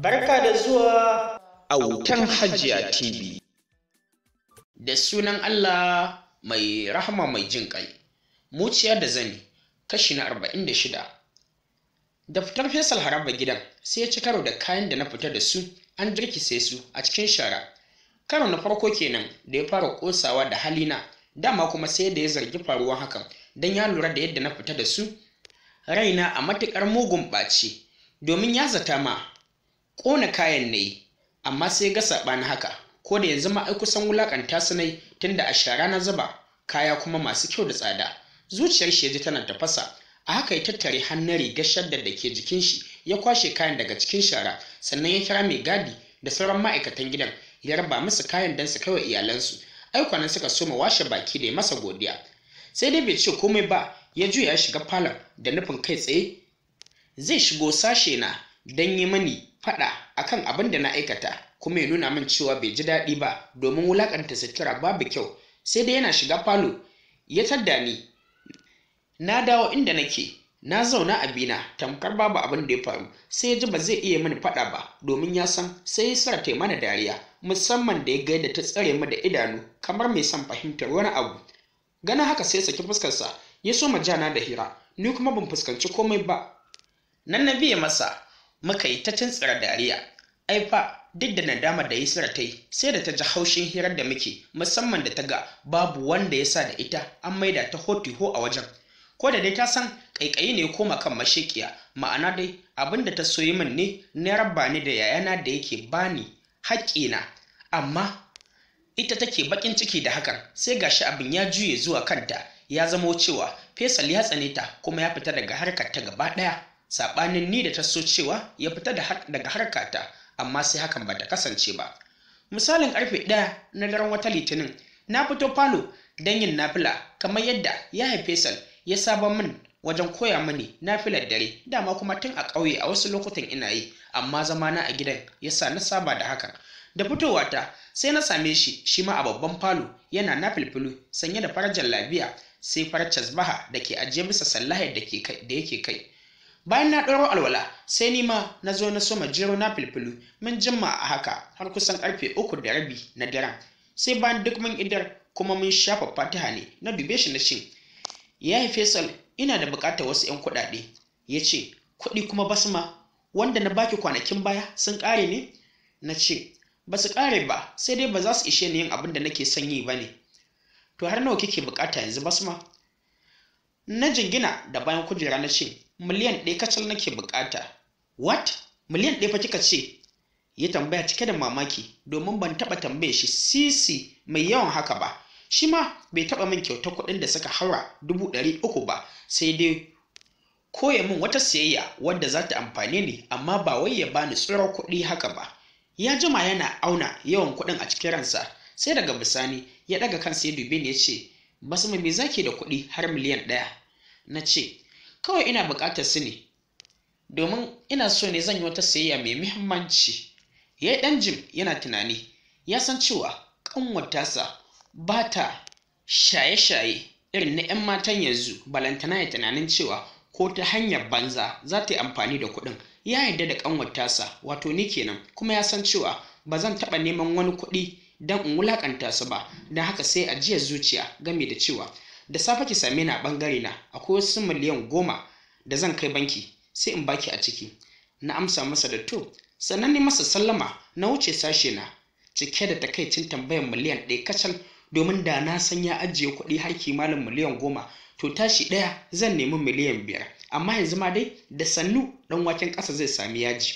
Barka da zuwa a wutan Hajiya TV. Da sunan Allah mai rahama mai jin ƙai, muciya da zani, kashi na arba'in da shida. Da fitar fesal haraba gidan sai ya ci karo da kayan da na fita da su an jirkise su a cikin shara. Karo na farko kenan da ya fara ƙosawa da halina, dama kuma sai da ya zargi faruwa hakan don ya lura da yadda na fita da su raina a matuƙar mugun ɓaci domin ya zata ma ƙona kayan ne, amma sai ga saɓani haka ko da yanzu ma ai kusan wulaƙanta su nai tunda a shara na zuba kaya kuma masu kyau da tsada zuciyar shi ji tana tafasa a haka ya tattare hannun rigar shaddar da ke jikin shi ya kwashe kayan daga cikin shara sannan ya kira mai gadi da sauran ma'aikatan gidan ya raba musu kayan don su kawai iyalansu aikwanan suka soma washe baki da ya masa godiya sai dai bai ce komai ba ya juya ya shiga falon da nufin kai tsaye zai shigo sashe na don yi mani faɗa kan abin da na aikata kuma ya nuna min cewa bai ji daɗi ba domin wulaƙanta sutura babu kyau sai dai yana shiga falo ya tadda ni na dawo inda nake na zauna a bina tamkar babu abin da ya faru sai ya ji ba zai iya mani faɗa ba domin ya san sai ya sa ta mana dariya musamman da ya ga yadda ta tsare mu da idanu kamar mai son fahimtar wani abu ganin haka sai ya saki fuskarsa ya so ma jana da hira ni kuma ban fuskanci komai ba nan na biye masa muka yi ta dariya ai fa duk da nadama da Yusra ta yi sai da ta ji haushin hirar da muke musamman da ta ga babu wanda ya sa da ita an maida ta ho-tiho a wajen ko da dai ta san ƙaiƙayi ne koma kan mashiƙiya ma'ana dai abin da ta soyi min ne na rabba ni da yayana da yake bani haƙƙina amma ita take baƙin ciki da hakan sai gashi abin ya juye zuwa kanta ya zamo cewa fesal ya tsane ta kuma ya fita daga harkar ta gaba ɗaya saɓanin ni da ta so cewa ya fita daga harkata amma sai hakan ba ta kasance ba misalin karfe ɗaya na daren wata litinin na fito falo don yin nafila kamar yadda ya haife sal ya saba min wajen koya mani nafilar dare dama kuma tun a ƙauye a wasu lokutan ina yi amma zamana a gidan ya sa na saba da hakan da fitowa ta sai na same shi shi ma a babban falo yana na filfilu sanye da farajar labiya sai farar casbaha da ke ajiye bisa sallahar da yake kai bayan na ɗauro alwala sai ni ma na zo na soma jiro na filfilu mun jimma a haka har kusan karfe uku da rabi na daren sai bayan duk mun idar kuma mun shafa fatiha ne na dube shi na ce ya yi fesal ina da buƙatar wasu 'yan kuɗaɗe ya ce kuɗi kuma basma wanda na baki kwanakin baya sun ƙare ne na ce ba su ƙare ba sai dai ba za su ishe ni yin abin da nake son yi ba ne to har nawa kike buƙata yanzu basma na jingina da bayan kujera na ce miliyan ɗaya kacal nake bukata what miliyan ɗaya fa kika ce ya tambaya cike da mamaki domin ban taɓa tambaye shi sisi mai yawan haka ba shi ma bai taɓa min kyautar kuɗin da suka haura dubu ɗari uku ba sai dai koya min wata siyayya wadda za ta amfane ni amma ba wai ya bani tsoro kuɗi haka ba ya jima yana auna yawan kuɗin a cikin ransa sai daga bisani ya ɗaga kansa ya dube ni ya ce basu mai zaki da kuɗi har miliyan ɗaya na ce kawai ina buƙatar su ne domin ina so ne zan yi wata sayayya mai muhimmanci ya yi ɗan jim yana tunani ya san cewa ƙanwatarsa ba ta shaye-shaye irin na 'yan matan yanzu balantana ya tunanin cewa ko ta hanyar banza za ta yi amfani da kuɗin ya yarda da ƙanwatarsa wato ni kenan kuma ya san cewa ba zan taɓa neman wani kuɗi don in wulaƙanta su ba don haka sai ajiyar zuciya game da cewa da safe ki same ni a bangare na akwai wasu miliyan goma da zan kai banki sai in baki a ciki na amsa masa da to sannan ni masa sallama na wuce sashe na cike da takaicin tambayar miliyan ɗaya kacal domin da na san ya ajiye kuɗi har kimanin miliyan goma to tashi ɗaya zan nemi miliyan biyar amma yanzu ma dai da sannu ɗan waken ƙasa zai sami yaji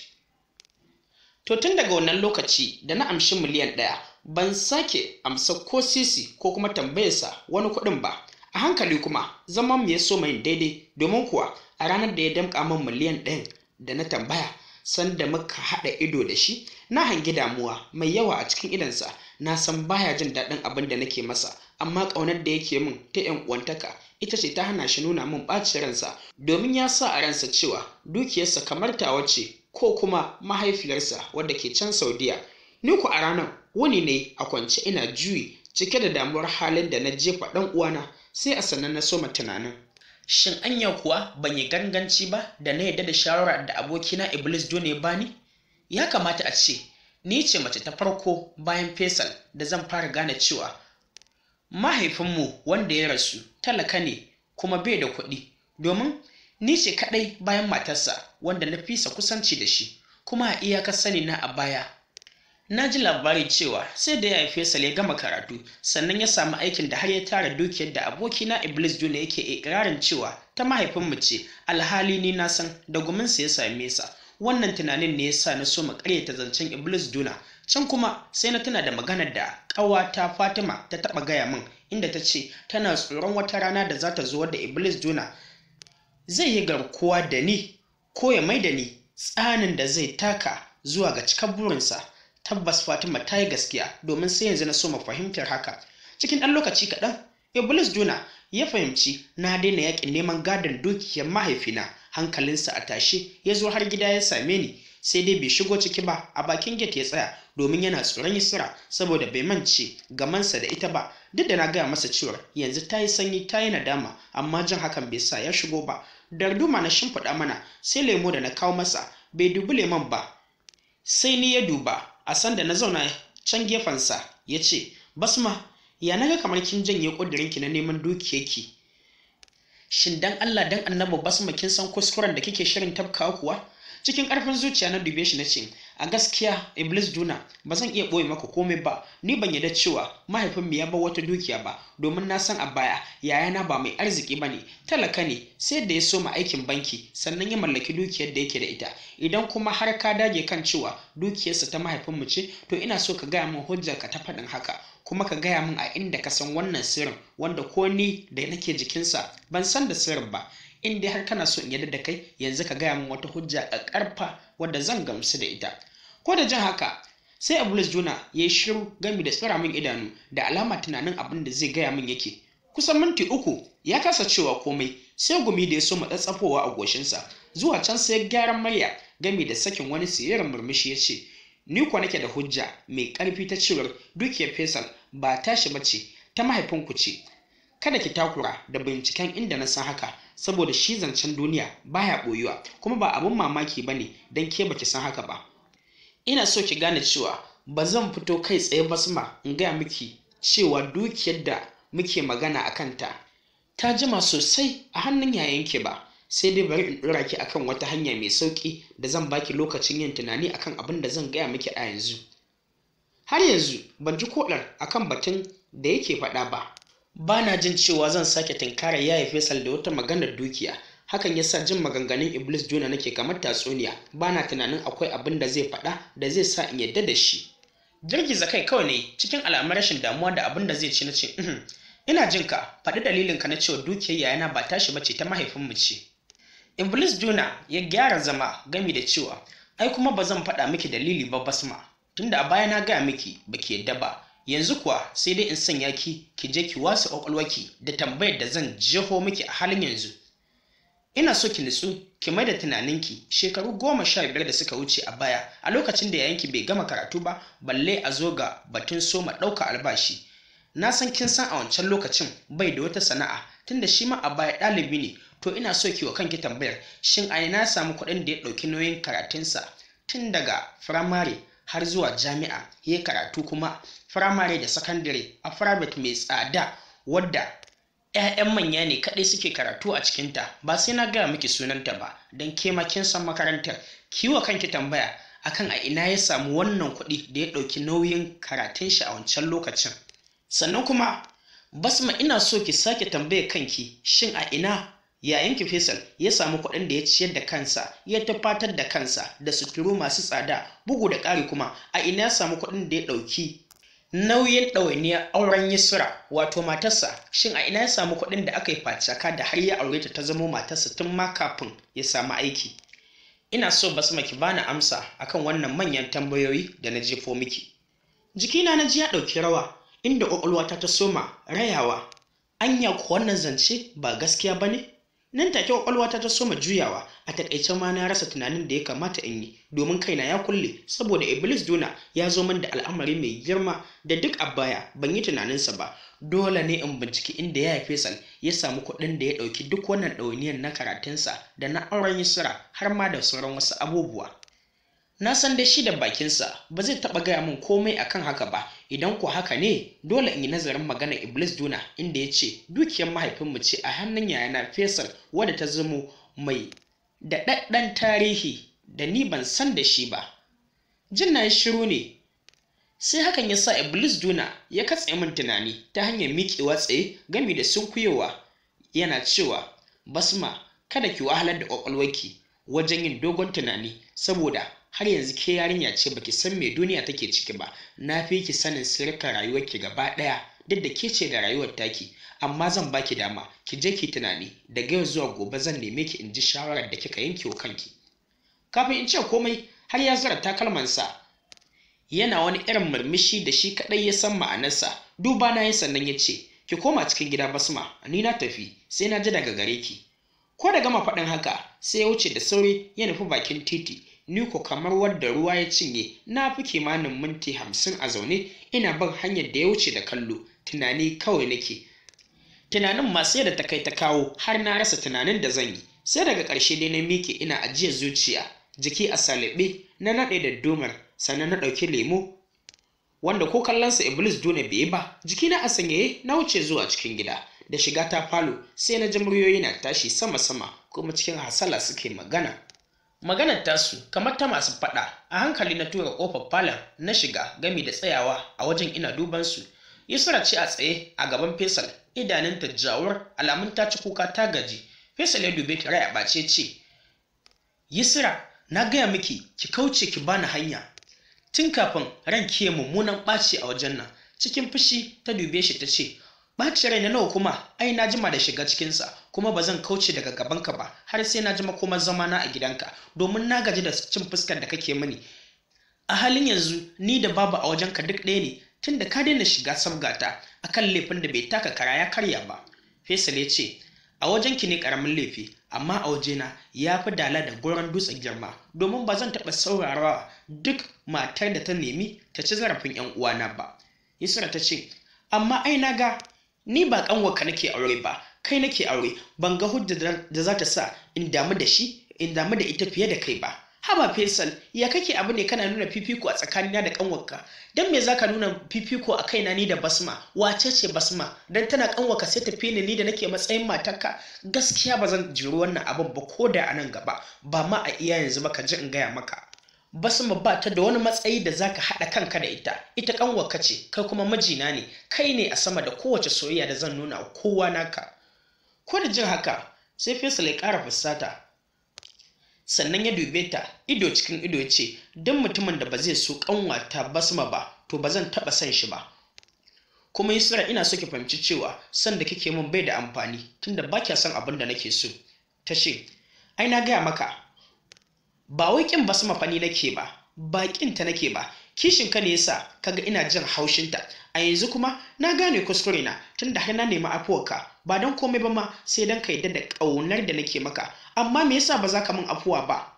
to tun daga wannan lokaci da na amshi miliyan ɗaya ban sake amsa ko sisi ko kuma tambayarsa wani kuɗin ba a hankali kuma zaman mu ya so mai daidai domin kuwa a ranar da ya damƙa min miliyan ɗin da na tambaya sanda muka haɗa ido da shi na hangi damuwa mai yawa a cikin idansa na san baya jin daɗin abin da nake masa amma ƙaunar da yake min ta yan uwantaka ita ce ta hana shi nuna min ɓacin ransa domin ya sa a ransa cewa dukiyarsa kamar ta wace ko kuma mahaifiyarsa wadda ke can saudiya ni ku a ranar Wani ne a kwance ina juyi cike da damuwar halin da na jefa ɗan uwana sai a sannan na soma tunanin shin anya kuwa ban yi ganganci ba da na yadda da shawara da abokina iblis dole bani ya kamata a ce ni ce mace ta farko bayan fesal da zan fara gane cewa mahaifinmu wanda ya rasu talaka ne kuma bai da kuɗi domin ni ce kaɗai bayan matarsa wanda na fisa kusanci da shi kuma a iyakar sani na a baya na ji labari cewa sai da ya haife sale ya gama karatu sannan ya samu aikin da har ya tara dukiyar da abokina iblis juna yake ikirarin cewa ta mahaifinmu ce alhali ni na san da sa ya same sa wannan tunanin ne ya sa na so mu karyata zancen iblis juna can kuma sai na tuna da maganar da ƙawata fatima ta taɓa gaya min inda ta ce tana tsoron wata rana da za ta zo da iblis juna zai yi garkuwa da ni ko ya mai da ni tsanin da zai taka zuwa ga cikar burinsa tabbas Fatima ta yi gaskiya domin sai yanzu na so mu fahimtar haka. Cikin ɗan lokaci kaɗan, Iblis Juna ya fahimci na daina yaƙin neman gadon dukiyar mahaifina hankalinsa a tashe ya zo har gida ya same ni sai dai bai shigo ciki ba a bakin gate ya tsaya domin yana tsoron Isra saboda bai mance gamansa da ita ba duk da na gaya masa cewa yanzu ta yi sanyi ta yi nadama amma jin hakan bai sa ya shigo ba darduma na shimfiɗa mana sai lemo da na kawo masa bai dubi lemon ba sai ni ya duba a sanda na zauna can gefensa ya ce basma ya naga kamar kin janye ki na neman dukiyarki shin dan Allah dan annabi basma kin san kuskuren da kike shirin tafkawa kuwa cikin ƙarfin zuciya na dube shi na ce a gaskiya iblis duna ba zan iya ɓoye maka komai ba ni ban yarda cewa mahaifinmu ya bar wata dukiya ba domin na san a baya yayana ba mai arziki ba ne talaka ne sai da ya so soma aikin banki sannan ya mallaki dukiyar da yake da ita idan kuma har ka dage kan cewa dukiyarsa ta mahaifinmu ce to ina so ka gaya min ka ta faɗin haka kuma ka gaya min a inda ka san wannan sirrin wanda ko ni da nake jikinsa ban san da sirrin ba in dai har kana so in yarda da kai yanzu ka gaya min wata hujja a ƙarfa wadda zan gamsu da ita ko da jin haka sai abulus juna ya yi shiru gami da tsira min idanu da alama tunanin abin da zai gaya min yake kusan minti uku ya kasa cewa komai sai gumi da ya so matsatsafowa a goshinsa zuwa can sai gyaran murya gami da sakin wani siririn murmushi ya ce ni kuwa nake da hujja mai karfi ta cewar dukiyar fesal ba tashi mace, ta mahaifinku ce kada ki takura da binciken inda na san haka saboda shi zancen duniya baya boyuwa kuma ba abin mamaki ba ne dan ke baki san haka ba ina so ki gane cewa ba zan fito kai tsaye ba suma in gaya miki cewa dukiyar da muke magana a kanta ta jima sosai a hannun yayanki ba sai dai bari in dora ki akan wata hanya mai sauki da zan baki lokacin yin tunani akan abin da zan gaya miki a yanzu har yanzu ban ji kodar akan batun da yake faɗa ba ba na jin cewa zan sake tinkara yaya fesal da wata maganar dukiya hakan yasa jin maganganun iblis jona nake kamar tatsuniya bana tunanin akwai abin da zai faɗa da zai sa in yadda da shi girgiza kai kawai ne cikin alamun rashin damuwa da abin da zai ci na ce uhm, ina jin ka faɗi dalilin ka na cewa dukiyar yayana ba tashi bace ta mu ce iblis jona ya gyara zama gami da cewa ai kuma ba zan faɗa miki dalili ba basma tunda a baya na gaya miki baki yadda ba yanzu kuwa sai dai in sanya ki ki je ki wasu kwakwalwaki da tambayar da zan jeho miki a halin yanzu ina so ki nutsu, ki mai da tunaninki shekaru goma sha biyar da suka wuce a baya a lokacin da yayinki bai gama karatu ba balle a zo ga batun soma ɗauka albashi na san kin san a wancan lokacin bai da wata sana'a tunda shi ma a baya ɗalibi ne to ina so ki wa kanki tambayar shin a na samu kuɗin da ya ɗauki nauyin karatunsa tun daga firamare har zuwa jami'a ya karatu kuma firamare da sakandare a firamare mai tsada wadda 'ya'yan manya ne kaɗai suke karatu a cikinta ba sai na gaya miki sunanta ba don ke kin san makarantar kiwo kanki tambaya akan a ina ya samu wannan kuɗi da ya ɗauki nauyin karatun shi a wancan lokacin sannan kuma basma ina so ki sake tambaya kanki shin a ina yayin ki fesal ya samu kuɗin da ya ciyar da kansa ya tabbatar da kansa da suturu masu tsada bugu da ƙari kuma a ina ya samu kuɗin da ya ɗauki nauyin ɗawainiyar auren yisra wato matarsa shin a ina ya samu kuɗin da aka yi facaka da har ya aure ta ta zamo matarsa tun ma kafin ya samu aiki ina so basma ki bani amsa akan wannan manyan tambayoyi da na jefo miki jikina na ji ya ɗauki rawa inda ƙwaƙwalwata ta soma rayawa anya ku wannan zance ba gaskiya ba ne nan take kwakwalwata ta soma juyawa a takaice ma na rasa tunanin da ya kamata in yi domin kaina ya kulle saboda iblis dona ya zo min da al'amari mai girma da duk a baya ban yi tunaninsa ba dole ne in binciki inda ya haife san ya samu kuɗin da ya ɗauki duk wannan ɗawainiyar na karatunsa da na auren yisira har ma da sauran wasu abubuwa na san dai shi da bakinsa ba zai taɓa gaya min komai akan haka ba idan ko haka ne dole in yi nazarin magana iblis duna inda ya ce dukiyar mahaifinmu ce a hannun yayana fesar wadda ta zamo mai daɗaɗɗen tarihi da ni ban san da shi ba jin na shiru ne sai hakan ya sa iblis duna ya katse min tunani ta hanyar miƙewa tsaye gami da sunkuyewa yana cewa basma kada ki wahalar da ƙwaƙwalwarki wajen yin dogon tunani saboda har yanzu ke yarinya ce baki san me duniya take ciki ba na fi ki sanin sirka ki gaba ɗaya duk da ke ce da rayuwar taki amma zan baki dama ki je ki tunani daga yau zuwa gobe zan neme ki in ji shawarar da kika yanke wa kanki kafin in ce komai har ya zura takalmansa yana wani irin murmushi da shi kaɗai ya san ma'anarsa duba na ya sannan ya ce ki koma cikin gida basma ni na tafi sai na ji daga gare ki ko da gama faɗin haka sai ya wuce da sauri ya nufi bakin titi ni ko kamar wadda ruwa ya cinye na fi kimanin minti hamsin a zaune ina bin hanyar da ya wuce da kallo tunani kawai nake tunanin masu yadda ta kai ta kawo har na rasa tunanin da zan yi sai daga ƙarshe dai na miƙe ina ajiyar zuciya jiki a salibe na naɗe da domar sannan na ɗauki lemo wanda ko kallonsa iblis dole bai ba jikina a sanyaye na wuce zuwa cikin gida da shiga ta falo sai na ji muryoyi na tashi sama-sama kuma cikin hasala suke magana maganar tasu kamar ta masu faɗa a hankali na tura ƙofar falon na shiga gami da tsayawa a wajen ina duban su yusra ce a tsaye a gaban fesal idanun ta jawar alamun ta ci kuka ta gaji fesal ya dube ta rai a ce yusra na gaya miki ki kauce ki bani hanya tun kafin ran ke mummunan ɓaci a wajen nan cikin fushi ta dube shi ta ce ɓacin rai na nawa kuma ai na jima da shiga cikinsa kuma ba zan kauce daga gabanka ba har sai na ji zama zamana a gidanka domin na gaji da cin fuskar da kake mini a halin yanzu ni da babu a wajenka duk ɗaya ne tun da ka daina shiga sabgata akan laifin da bai taka kara ya karya ba faisal ya ce a wajenki ne karamin laifi amma a wajena ya fi dala da goron dutsen girma domin ba zan taɓa saurarawa duk matar da ta nemi ta ci zarafin 'yan uwana ba yusra ta ce amma ai na ga ni ba kanwarka nake aure ba kai nake aure ban ga hujja da za ta sa in damu da shi in damu da ita fiye da kai ba haba fesal ya kake abu ne kana nuna fifiko a tsakanina da kanwarka dan me zaka nuna fifiko a kaina ni da basma wace ce basma dan tana ƙanwarka sai tafi ni ni da nake matsayin matarka gaskiya ba zan jiri wannan abin ba ko da a nan gaba ba ma a iya yanzu ba ka ji in gaya maka basma ba ta da wani matsayi da zaka haɗa kanka da ita ita ka ce kai kuma majina ne kai ne a sama da kowace soyayya da zan nuna kowa naka ko da jin haka sai fesa ya ƙara fusata sannan ya dube ta ido cikin ido ya ce don mutumin da ba zai so ƙanwata basma ba to ba zan taɓa san shi ba kuma Yusra ina so ki fahimci cewa son da kike min bai da amfani tunda ba kya son abin da nake so ta ce ai na gaya maka ba wai kin sama fani nake ba Baƙinta ta nake ba kishin ka ne yasa kaga ina jin haushin ta? a yanzu kuma na gane kuskure na tunda har na nemi afuwarka ba don komai ba ma sai don ka yadda da ƙaunar da nake maka amma me yasa ba za ka min afuwa ba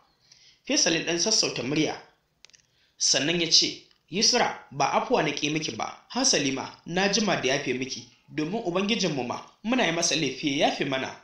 fesalin ɗan sassauta murya sannan ya ce yusra ba afuwa na ke miki ba Ha Salima, na jima da yafe miki domin ubangijinmu ma muna yi masa laifi ya yafe mana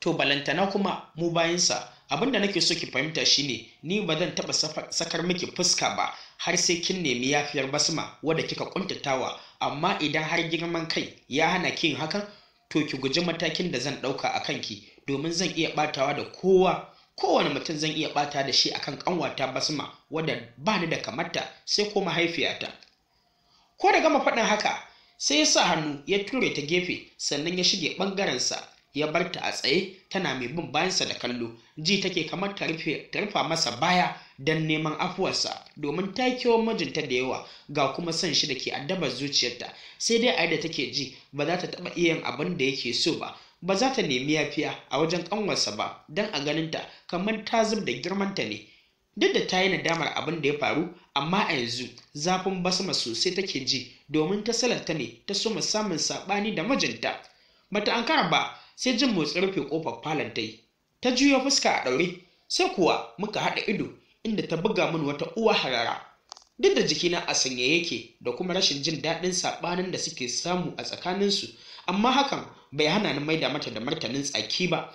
to balantana kuma mu bayansa Abin da nake so ki fahimta shine ni ba zan taɓa sakar miki fuska ba har sai kin nemi yafiyar basma wadda kika kuntatawa amma idan har girman kai ya hana ki yin hakan to ki guji matakin da zan ɗauka a kanki domin zan iya batawa da kowa kowane mutum zan iya ɓata da shi akan kanwata basma wadda ba ni da kamarta sai ko mahaifiyata ko da gama faɗin haka sai ya sa hannu ya ture ta gefe sannan ya shige ɓangarensa ya bar ta a tsaye tana mai bin bayansa da kallo ji take kamar ta rufa masa baya don neman afuwarsa domin ta kewa mijinta da yawa ga kuma son shi da ke addabar zuciyarta sai dai a da take ji ba za ta taɓa iya yin abin da yake so ba ba za ta nemi yafiya a wajen kanwarsa ba don a ganin ta kamar ta zub da girmanta ne duk da ta yi nadamar abin da ya faru amma a yanzu zafin basma sosai take ji domin ta salarta ne ta so samun saɓani da mijinta bata ankara ba sai jin motsi rufe kofar falon ta yi ta juyo fuska a ɗaure sai kuwa muka haɗa ido inda ta buga min wata uwa harara duk da jikina a sanya yake da kuma rashin jin daɗin saɓanin da suke samu a tsakaninsu amma hakan bai hana ni maida mata da martanin tsaki ba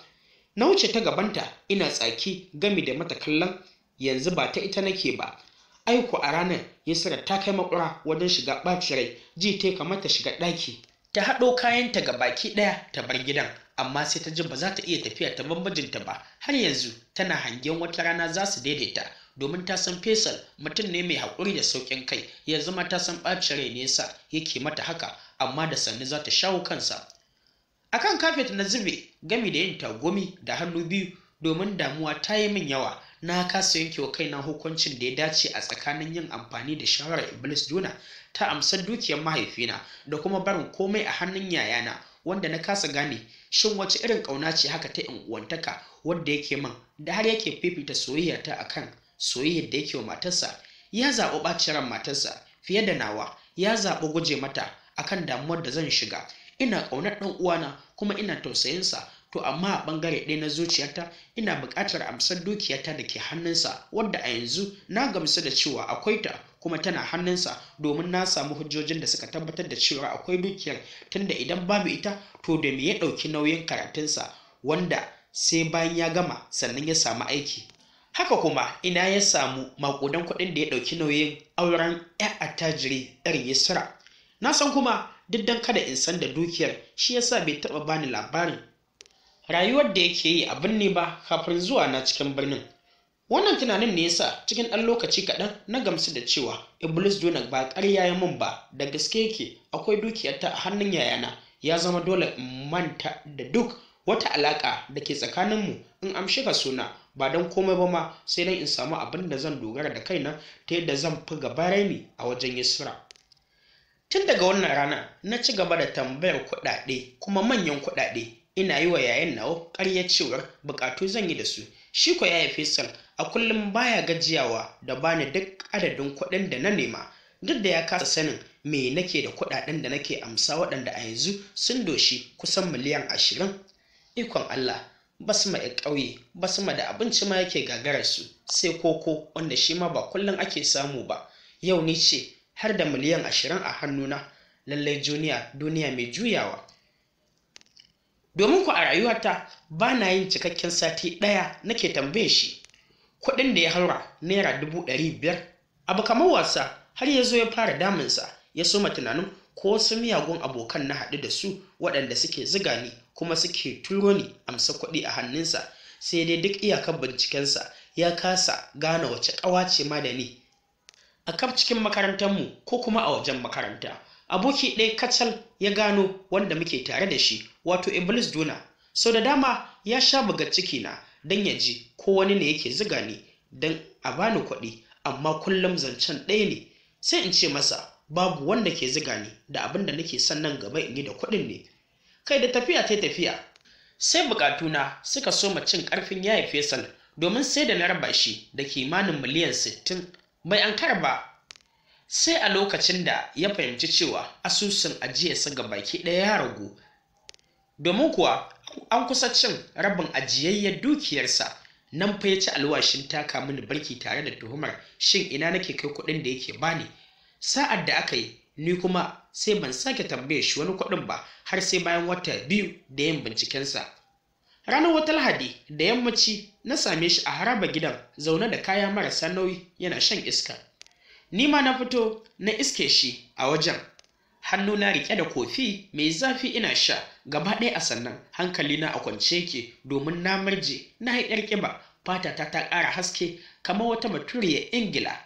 na wuce ta gabanta ina tsaki gami da mata kallon yanzu ba ta ita nake ba aiko a ranar yasira ta kai makura wajen shiga ɓaci rai ji ta kamar ta shiga ɗaki ta haɗo kayanta ga baki ɗaya ta bar gidan amma sai ta ji ba za ta iya tafiya ta bambajinta ba har yanzu tana hangen wata rana za su daidaita domin ta san fesal mutum ne mai haƙuri da sauƙin kai ya zama ta san ɓacin rai nesa yake mata haka amma da sannu za ta shawo kansa akan kafet na zube gami da yin tagomi da hannu biyu domin damuwa ta yi min yawa na kasa yankewa kai kaina hukuncin da ya dace a tsakanin yin amfani da shawarar iblis juna ta amsar dukiyar mahaifina da kuma barin komai a hannun yayana wanda na kasa gane shin wace irin ƙauna ce haka ta in uwantaka wadda yake man da har yake fifita soyayya ta akan soyayyar da yake wa matarsa ya zaɓi ɓacin matarsa fiye da nawa ya zaɓi guje mata akan damuwar da zan shiga ina ƙaunar ɗan uwana kuma ina tausayinsa to amma a ɓangare ɗaya na zuciyarta ina buƙatar amsar dukiyata da ke hannunsa wadda a yanzu na gamsu da cewa akwai ta kuma tana hannunsa domin na samu hujjojin da suka tabbatar da cewa akwai dukiyar tunda idan babu ita to da me ya ɗauki nauyin karatunsa wanda sai bayan ya gama sannan ya samu aiki haka kuma ina ya samu makudan kuɗin da ya ɗauki nauyin auren 'ya attajiri irin yisra na san kuma duk dan kada in san da dukiyar shi yasa bai taɓa bani labarin rayuwar da yake yi a birni ba kafin zuwa na cikin birnin Wannan tunanin ne yasa cikin ɗan lokaci kaɗan na gamsu da cewa Iblis Jonak ba ƙarya ya mun ba da gaske yake akwai dukiyarta a hannun yayana ya zama dole in manta da duk wata alaƙa da ke tsakaninmu in amshi ka suna ba don komai ba ma sai dai in samu abin da zan dogara da kaina ta yadda zan fi gaba raini a wajen yisra. Tun daga wannan rana na ci gaba da tambayar kuɗaɗe kuma manyan kuɗaɗe ina yi wa yayan nawa ƙaryar cewar buƙatu zan yi da su shi ko haife sal a kullum baya gajiyawa da bani duk adadin kuɗin da na nema duk da ya kasa sanin me nake da kuɗaɗen da nake amsa waɗanda a yanzu sun doshi kusan miliyan ashirin ikon Allah basma ya ƙauye basma da abinci ma yake gagarar su sai koko wanda shi ma ba kullum ake samu ba yau ni ce har da miliyan ashirin a hannuna lallai juniya duniya mai juyawa domin ku a rayuwata ba na yin cikakken sati ɗaya nake tambaye shi kuɗin da ya haura naira dubu ɗari biyar abu kamar wasa har ya zo ya fara damunsa ya soma tunanin ko wasu miyagun abokan na haɗu da su waɗanda suke ziga ni kuma suke turo ni amsa kuɗi a hannunsa sai dai duk iyakar bincikensa ya kasa gane wace ƙawa ce ma da ni a kaf cikin makarantarmu ko kuma a wajen makaranta aboki ɗaya kacal ya gano wanda muke tare da shi wato iblis duna sau da dama ya sha buga ciki na don ya ji ko wani ne yake ziga ni don a bani kuɗi amma kullum zancen ɗaya ne sai in ce masa babu wanda ke ziga ni da abin da nake son nan gaba in yi da kuɗin ne kai da tafiya ta tafiya sai bukatuna suka soma cin ƙarfin yaya fesal domin sai da na raba shi da kimanin miliyan sittin bai an karba sai a lokacin da ya fahimci cewa asusun ajiyarsa ga baki ɗaya ya ragu domin kuwa an kusa cin rabin ajiyayyen dukiyarsa nan fa ya ci alwashin taka mini barki tare da tuhumar shin ina nake kai kuɗin da yake bani sa'ad da aka yi ni kuma sai ban sake tambaye shi wani kuɗin ba har sai bayan wata biyu da yin bincikensa ranar wata lahadi da yammaci na same shi a haraba gidan zaune da kaya marasa nauyi yana shan iska ni ma na fito na iske shi a wajen hannuna rike da kofi mai zafi ina sha gaba ɗaya a sannan hankalina a kwance ke domin na marje na yi ɗar ƙiba fata ta ta ƙara haske kamar wata baturiyar ingila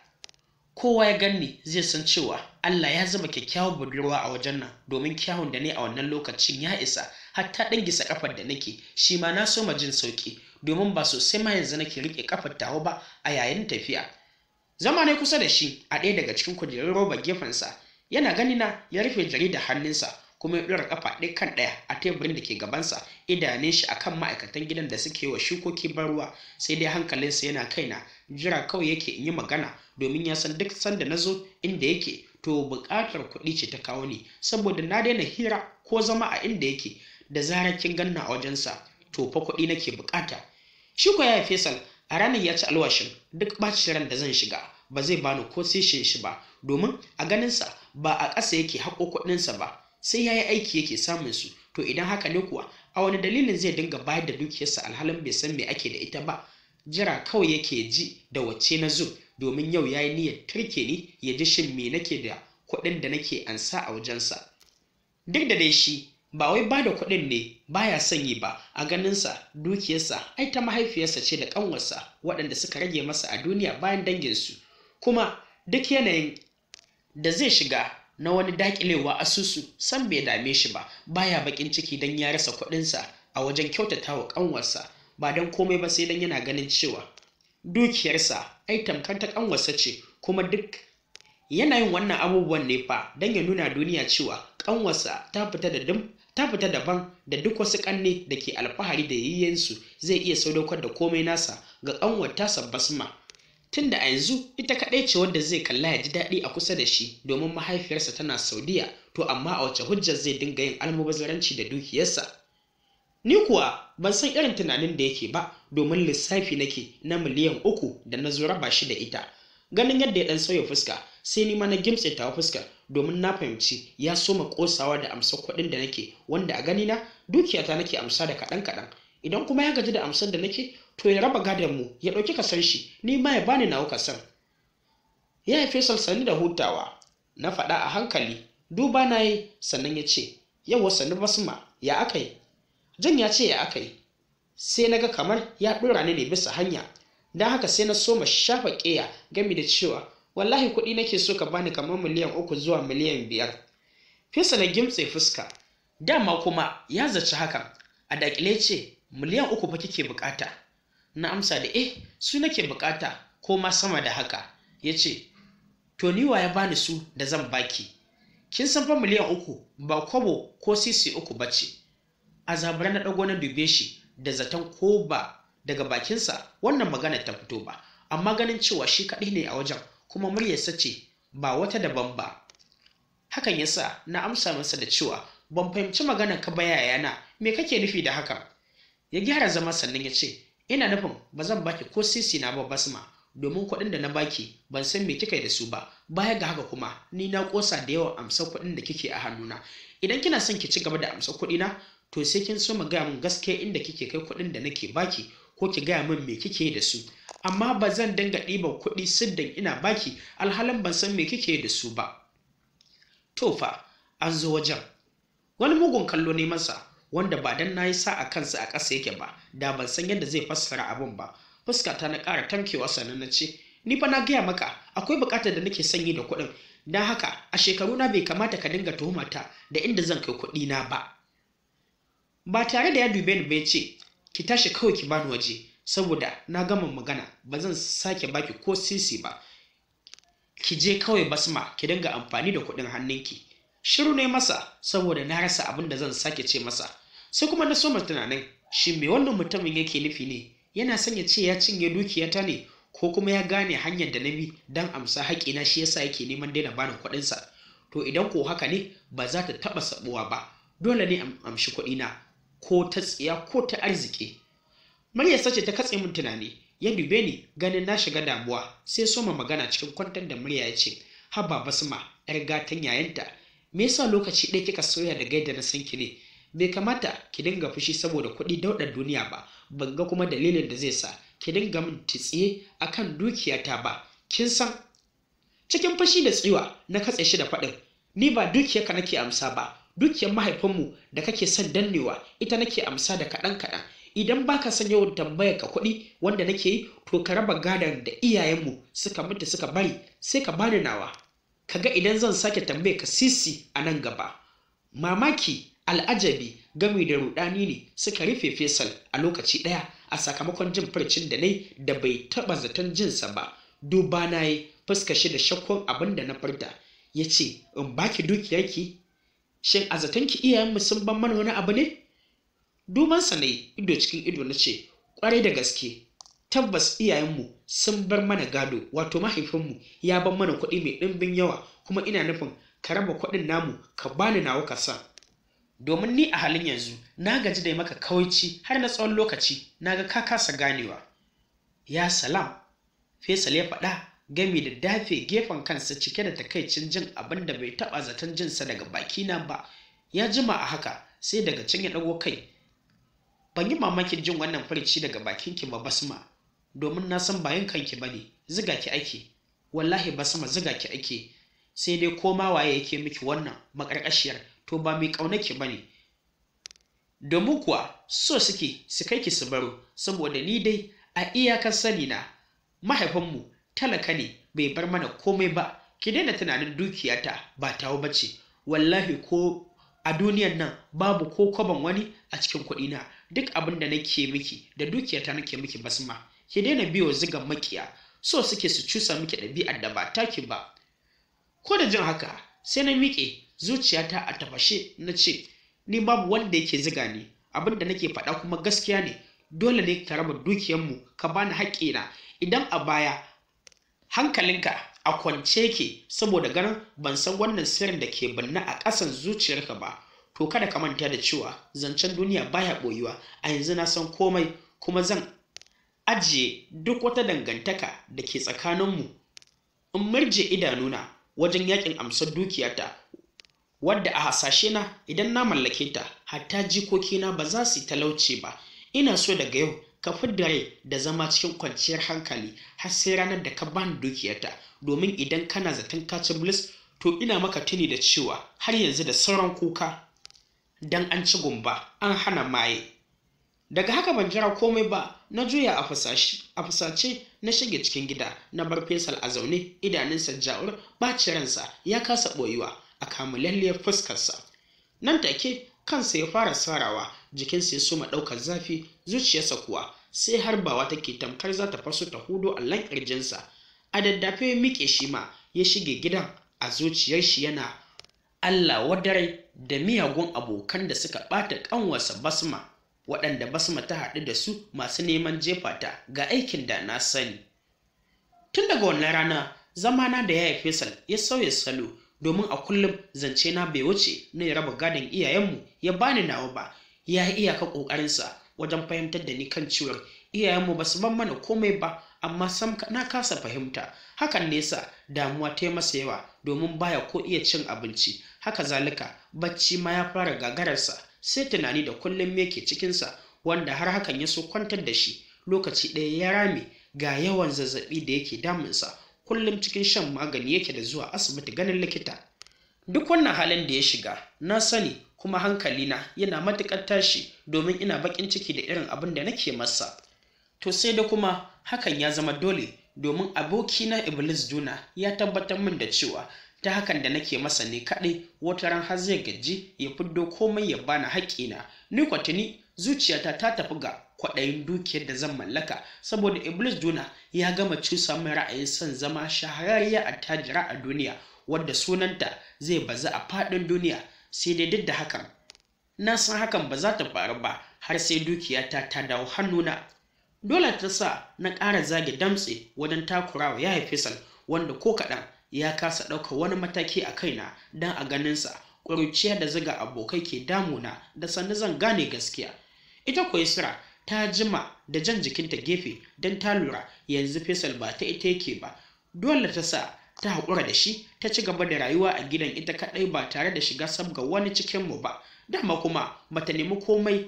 kowa ya ganni zai san cewa Allah ya zama kyakkyawar budurwa a wajen nan domin kyawun da ne a wannan lokacin ya isa hatta ɗan gisa ƙafar da nake shi ma na so ma jin sauki domin ba sosai ma yanzu nake riƙe ƙafar tawo ba a yayin tafiya zama ne kusa da shi a ɗaya daga cikin kujerun roba gefensa yana ganina ya rufe jarida hannunsa kuma ya ɗora kafa ɗaya kan ɗaya a teburin da ke gabansa idanun shi akan ma'aikatan gidan da suke wa shukoki ban ruwa sai dai hankalinsa yana kaina jira kawai yake in yi magana domin ya san duk sanda na zo inda yake to buƙatar kuɗi ce ta kawo ni saboda na daina hira ko zama a inda yake da zarar kin ganna a wajensa to fa kuɗi nake buƙata shi ko ya fesal a ranar ya ci alwashin duk bacin ran da zan shiga ba zai bani ko shi ba domin a ganinsa ba a ƙasa yake haƙo kuɗinsa ba sai ya yi aiki yake samun su to idan haka ne kuwa a wani dalilin zai dinga bayar da dukiyarsa alhalin bai san me ake da ita ba jira kawai yake ji da wacce na zo domin yau ya yi niyyar turke ni ya ji shin me nake da kuɗin da nake ansa a wajensa duk da dai shi ba wai ba da kuɗin ne baya son yi ba a ganinsa dukiyarsa ai ta mahaifiyarsa ce da ƙanwarsa waɗanda suka rage masa a duniya bayan danginsu kuma duk yanayin da zai shiga na wani daƙilewa asusu san bai dame shi ba baya baƙin ciki don ya rasa kuɗinsa a wajen kyautata wa ƙanwarsa ba don komai ba sai don yana ganin cewa dukiyarsa ai tamkar ta ƙanwarsa ce kuma duk yanayin wannan abubuwan ne fa don ya nuna duniya cewa ƙanwarsa ta fita da dim ta fita daban da duk wasu ƙanne da ke alfahari da yayyensu zai iya sadaukar da komai nasa ga ƙanwar tasa basma da a yanzu ita kaɗai ce wadda zai kalla ya ji daɗi a kusa da shi domin mahaifiyarsa tana saudiya to amma a wace hujjar zai dinga yin almubazzaranci da dukiyarsa Ni kuwa ban san irin tunanin da yake ba domin lissafi nake na miliyan uku da na zo raba shi da ita. Ganin yadda ya ɗan sauya fuska sai ni ma na gimtse ta fuska. domin na fahimci ya soma kosawa da amsa kuɗin da nake wanda a ganina dukiyata nake amsa da kaɗan kaɗan idan kuma ya gaji da amsar da nake to ya raba gadon mu ya ɗauki kasan shi ni ma ya bani nawa kasan ya yi fesal da hutawa na faɗa a hankali duba na yi sannan ya ce yau ni basma ya aka yi jan ya ce ya aka yi sai na ga kamar ya ɗora ni ne bisa hanya don haka sai na soma shafa ƙeya gami da cewa wallahi kuɗi nake so ka bani kamar miliyan uku zuwa miliyan biyar fesa na gimtse fuska dama kuma ya zaci hakan a dakile ce miliyan uku fa kike bukata na amsa da eh su nake bukata ko ma sama da haka ya ce to ni wa ya bani su da zan baki kin san fa miliyan uku ba kwabo ko sisi uku ba ce a na ɗago na dube shi da zaton ko ba daga bakinsa wannan magana ta fito ba amma ganin cewa shi kaɗai ne a wajen kuma muryarsa ce ba wata daban ba hakan yasa na amsa masa da cewa ban fahimci maganar ka ba yayana me kake nufi da haka?' ya gyara zama sannan ya ce ina nufin ba zan baki ko sisi na ba basma domin kuɗin da na baki ban san me kika yi da su ba baya ga haka kuma ni na kosa da yawan amsa kuɗin da kike a hannuna idan kina son ki ci gaba da amsa kuɗi na to sai kin so mu gaya min gaskiya inda kike kai kuɗin da nake baki ko ki gaya min me kike yi da su amma ba zan dinga ɗiban kuɗi siddan ina baki alhalin ban san me kike da su ba to fa an zo wajen wani mugun kallo ne masa wanda ba dan nayi sa a kansa a ƙasa yake ba da ban san yadda zai fassara abin ba fuska ta na ƙara tamkewa sannan na ce ni fa na gaya maka akwai buƙatar da nake sanyi da kuɗin don haka a shekaru na bai kamata ka dinga tuhumata da inda zan kai kuɗi na ba ba tare da ya dube ni ba ya ce ki tashi kawai ki bani waje saboda na gama magana ba zan sake baki ko sisi ba ki je kawai basma ki dinga amfani da kuɗin hannunki shiru ne masa saboda na rasa abin da zan sake ce masa sai kuma na soma tunanin shi me wannan mutumin yake nufi ne yana son ya ce ya cinye dukiyata ne ko kuma ya gane hanyar da na bi don amsa haƙina shi yasa yake neman daina bani kuɗinsa to idan ko haka ne ba za ta taɓa saɓuwa ba dole ne amshi kuɗina ko ta tsiya ko ta arziki Muryarsa sace ta katse min tunani, ya dube ni ganin na shiga damuwa, sai soma magana cikin kwantar da murya ya ce, ba basma, ‘yar gatan yayanta, me yasa lokaci ɗaya kika soya da gaida na san ki ne? Bai kamata ki dinga fushi saboda kuɗi dauɗar duniya ba, ban ga kuma dalilin da zai sa ki dinga min titsiye kan dukiyata ba, kin san. Cikin fashi da tsiwa na katse shi da faɗin, ni ba dukiyarka nake amsa ba, dukiyar mahaifinmu da kake son dannewa ita nake amsa da kaɗan-kaɗan. idan ba ka son yawan tambayar ka kuɗi wanda nake yi to ka raba gadon da iyayenmu suka mutu suka bari sai ka bani nawa Ka ga idan zan sake tambayar ka sisi a nan gaba mamaki al'ajabi gami da rudani ne suka rufe fesal a lokaci ɗaya a sakamakon jin farcin da nai da bai taɓa zaton jinsa ba duba na yi fuska shi da shakkun abin da na farta ya ce in baki dukiyarki shin a zaton ki iyayenmu sun ban mana wani abu ne dubansa na ido cikin ido na ce kwarai da gaske tabbas iyayenmu sun bar mana gado wato mahaifinmu ya bar mana kuɗi mai ɗimbin yawa kuma ina nufin ka raba kuɗin namu ka bani nawa ka sa domin ni a halin yanzu na gaji da maka kawaici har na tsawon lokaci na ga ka kasa ganewa ya salam fesal ya faɗa gami da dafe gefen kansa cike da takaicin jin abin da bai taɓa zaton jinsa daga bakina ba ya jima a haka sai daga can ya ɗago kai ban yi mamaki jin wannan farci daga bakin ki ba basma domin na san bayan kanki bane ziga ki ake wallahi basma ziga ki ake sai dai koma waye yake miki wannan makarƙashiyar to ba mai kaunaki bane domin kuwa so suke su kai ki su baro saboda ni dai a iyakar sani na mahaifinmu talaka ne bai bar mana komai ba ki daina tunanin dukiyata ba tawo bace wallahi ko a duniyar nan babu ko kwaban wani a cikin kuɗina duk abin da nake miki da dukiyata nake miki basma ki daina biyo ziga makiya so suke su cusa miki ɗabi'ar da ba taki ba ko da jin haka sai na miƙe zuciyata a tafashe na ce ni babu wanda yake ziga ni abin da nake faɗa kuma gaskiya ne dole ne ka raba mu ka bani na, idan a baya hankalinka a kwance ke saboda ganin ban san wannan sirrin da ke binne a ƙasan zuciyarka ba to kada ka manta da cewa zancen duniya baya ɓoyuwa a yanzu na san komai kuma zan ajiye duk wata dangantaka da ke tsakaninmu in murje idanuna wajen yakin amsar dukiyata wadda a hasashe na idan na mallake ta hatta jikokina ba za su yi talauci ba ina so daga yau ka fidda rai da zama cikin kwanciyar hankali har sai ranar da ka bani dukiyata, domin idan kana zaton kacin bliss to ina maka tuni da cewa har yanzu da sauran kuka don an ci gumba an hana maye daga haka ban jira komai ba na juya a fusace na shige cikin gida na bar fesal a zaune idanunsa ja'ur ɓaci ransa ya kasa ɓoyuwa a kamulalliyar fuskarsa nan take kansa ya fara sarawa jikinsa ya soma ɗaukar zafi zuciyarsa kuwa sai har harbawa take tamkar za ta faso ta hudo lan ƙirjinsa a daddafe ya miƙe shi ma ya shige gidan a zuciyar shi yana allah wadarai da miyagun abokan da suka ɓata ƙanwarsa basma waɗanda basma ta haɗu da su masu neman jefa ta ga aikin da na sani tun daga wannan rana zamana da ya yaya fesal ya sauya salo domin a kullum zance na bai wuce na ya raba gadin iyayenmu ya bani nawa ba ya yi iyaka ƙoƙarinsa wajen fahimtar da ni kan cewar iyayenmu ba su ban mana komai ba amma sam na kasa fahimta hakan nesa damuwa ta yi masa yawa domin baya ko iya cin abinci haka zalika bacci ma ya fara gagararsa sai tunani da kullum ke cikinsa wanda har hakan ya so kwantar da shi lokaci ɗaya ya rame ga yawan zazzaɓi da yake damunsa kullum cikin shan magani yake da zuwa asibiti ganin likita duk wannan halin da ya shiga na sani kuma hankalina yana matuƙar tashi domin ina bakin ciki da irin abin da nake masa to sai da kuma hakan ya zama dole domin abokina iblis juna ya tabbatar min da cewa ta hakan da nake masa ne kaɗai wata ran har zai gaji ya fiddo komai ya bani haƙƙina ni kwatini zuciyata ta tafi ga kwaɗayin dukiyar da zan mallaka saboda iblis juna ya gama cusa mai ra'ayin son zama shahararriya a tajira a duniya wadda sunanta zai baza a faɗin duniya sai dai duk da hakan na san hakan ba za ta faru ba har sai dukiyata ta dawo hannuna dole ta sa na ƙara zage damtse wajen takurawa ya haifi wanda ko kaɗan ya kasa ɗauka wani mataki a kaina don a ganinsa ƙuruciya da zuga abokai ke damuna da sannu zan gane gaskiya ita kuwa isra ta jima da jan jikinta gefe don ta lura yanzu fesal ba ta ita yake ba dole ta sa ta haƙura da shi ta ci gaba da rayuwa a gidan ita kaɗai ba tare da shiga sabga ga wani cikinmu ba dama kuma bata nemi komai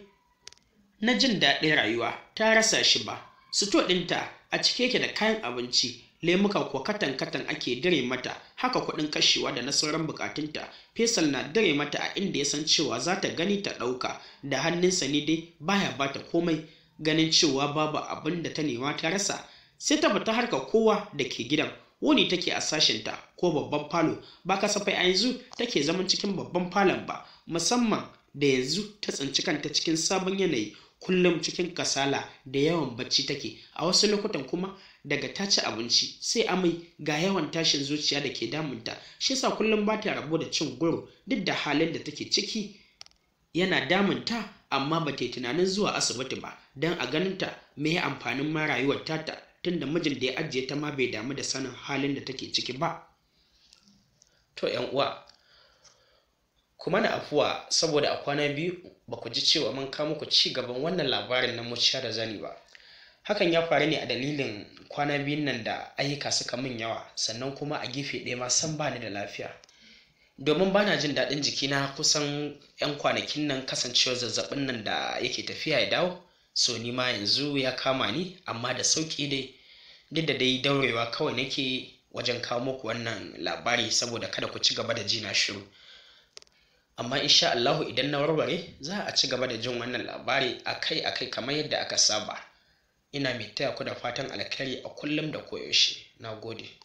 na jin daɗin rayuwa ta rasa shi ba suto ɗinta a cike yake da kayan abinci lemuka kuwa katan-katan ake dire mata haka kuɗin kashewa da na sauran bukatunta fesal na dire mata a inda ya san cewa za ta gani ta ɗauka da hannunsa ne dai baya bata komai ganin cewa babu abin da ta nema ta rasa sai ta fita harka kowa da ke gidan wuni take a sashinta ko babban falo ba kasafai a yanzu take zaman cikin babban falon ba musamman da yanzu ta tsinci kanta cikin sabon yanayi kullum cikin kasala da yawan bacci take a wasu lokutan kuma daga ta ci abinci sai amai ga yawan tashin zuciya da ke damunta shi yasa kullum ba ta rabo da cin goro duk da halin da take ciki yana damunta amma ba ta yi tunanin zuwa asibiti ba don a ganinta me ya amfanin ma rayuwar tata tunda mijin da ya ajiye ta ma bai damu da sanin halin da take ciki ba to yan uwa kuma na afuwa saboda a kwana biyu ba ku ji cewa mun kawo muku ci gaban wannan labarin na muciya da zani ba hakan ya faru ne a dalilin kwana biyun nan da ayyuka suka min yawa sannan kuma a gefe ɗaya ma san bani da lafiya domin bana jin daɗin jiki na kusan 'yan kwanakin nan kasancewar zazzabin nan da yake tafiya ya dawo so ni ma yanzu ya kama ni amma da sauƙi dai duk da dai daurewa kawai nake wajen kawo muku wannan labari saboda kada ku ci gaba da ji na shiru amma insha Allahu idan na warware za a ci gaba da jin wannan labari akai-akai kamar yadda aka saba ina mai taya ku da fatan alkhairi a kullum da koyaushe na gode